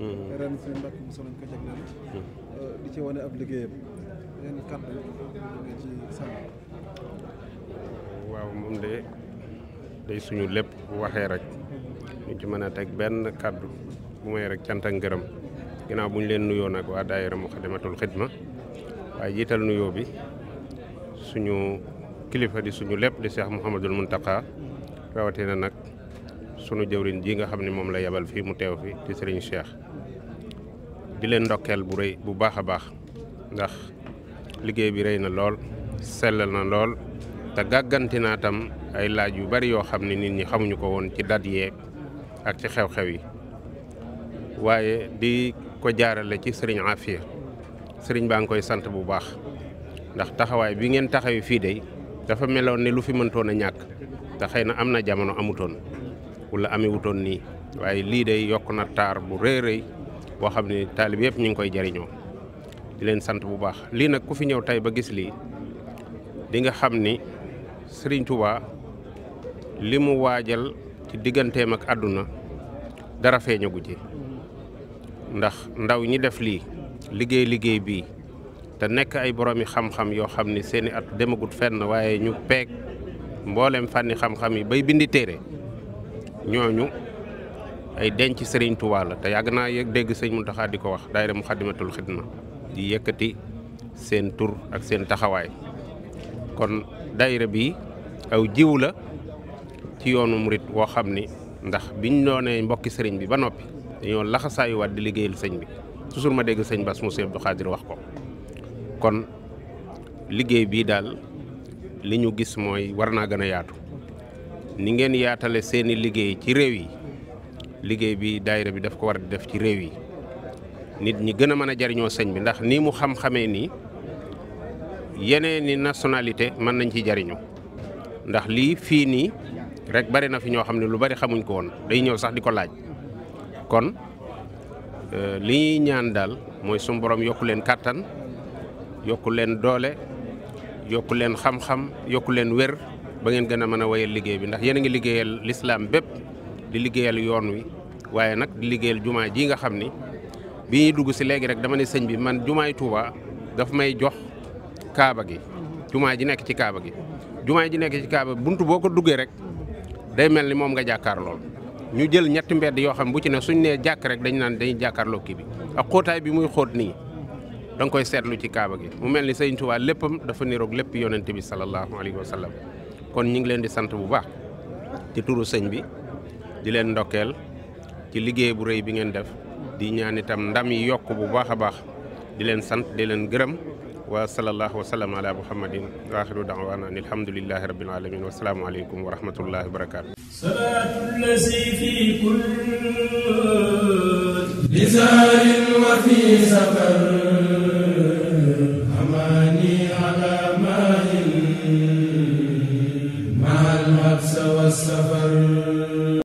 Mm-hmm. ren mm-hmm. ci wane ab liggéeyam waaw moom de day suñu lépp bu waxee rek ñu ci mën a teg benn kàddu bu may rek cant ak ngërëm ginnaaw bu ñu leen nuyoo nag waa daayira Muxaddamatul Xidma waaye jiital nuyoo bi suñu kilifa di suñu lépp di Cheikh Mouhamadul Mountakha rawatina nag sunu jëwriñ jii nga xam ne moom la yabal fii mu teew fi di Serigne Cheikh di leen ndokkeel bu rëy bu baax a baax ndax liggéey bi rëy na lool sellal na lool te gàgganti naa tam ay laaj yu bari yoo xam ne nit ñi xamuñu ko woon ci dat ak ci xew-xew yi waaye di ko jaarale ci sëriñ Afia sëriñ baa ngi koy sant bu baax ndax taxawaay bi ngeen taxawee fii de dafa meloon ni lu fi mëntoon a ñàkk te xëy na am na jamono amutoon wala amewutoon nii waaye lii day yokk na taar bu rëy rëy boo xam ne taalib yëpp ñu ngi koy jariñoo di leen sant bu baax lii nag ku fi ñëw tey ba gis lii di nga xam ni Sëriñ Tuubaa li mu waajal ci digganteem ak àdduna dara feeñagu ci ndax ndaw ñi def lii liggéey liggéey bii te nekk ay boroomi xam-xam yoo xam ni seeni at demagut fenn waaye ñu peeg mboolem fànni xam-xam yi bay bindi téere ñooñu ay denc Serigne Touba la te yàgg naa yëg dégg sëñ Mountakha di ko wax daayira Muxaddamatul Xidma di yëkkati seen tur ak seen taxawaay kon dayre bi aw jiw la ci yoonu murit woo xam ni ndax biñ doonee mbokki sëriñ bi ba noppi dañoo laxasaayuwaat di liggéeyal sëñ bi toujours ma dégg sëñ mu Moussa Abdou Khadir wax ko kon liggéey bii daal li ñu gis mooy war naa gën a yaatu ni ngeen yaatale seeni liggéey ci réew yi liggéey bi daayira bi daf ko war a di def ci réew yi nit ñi gën a mën a jariñoo sëñ bi ndax nii mu xam-xamee nii yeneen ni nationalité mën nañ ci jariñu ndax lii fii nii rek bari na fi ñoo xam ne lu bari xamuñ ko woon day ñëw sax di ko laaj kon euh, li ñuy ñaan daal mooy suñu borom yokk leen kàttan yokku leen doole yokk leen xam-xam yokku leen wér ba ngeen gën a mën a wéyal liggéey bi ndax yéen a ngi liggéeyal lislaam bépp di liggéeyal yoon wi waaye nag di liggéeyal jumaa ji nga xam ni bi ñuy dugg si léegi rek dama ne sëñ bi man jumaay tuubaa dafa may jox kaaba gi jumaa ji nekk ci kaaba gi jumaa ji nekk ci kaaba bunt boo ko duggee rek day mel ni moom nga jàkkaar lool ñu jël ñetti mbedd yoo xam bu ci ne suñ nee jàkk rek dañ naan dañuy jàkkaarloo kii bi a xóotaay bi muy xóot nii da koy seetlu ci kaaba gi mu mel ni sëñ Touba léppam dafa niroog lépp yonent bi sallallahu alayhi wa sallam kon ñu ngi leen di sant bu baax ci turu sëñ bi di leen ndokkeel ci liggéey bu rëy bi ngeen def di ñaan itam ndam yi yokk bu baax a baax di leen sant di leen gërëm wa sallallahu wa sallam ala muhammadin wa axiru daawaana an alhamdulillahi rabbil alamin wa salaamu aleykum wa rahmatullahi wa barakatu salaatu lazi fi kulli lisanin wa fi safar Mustafa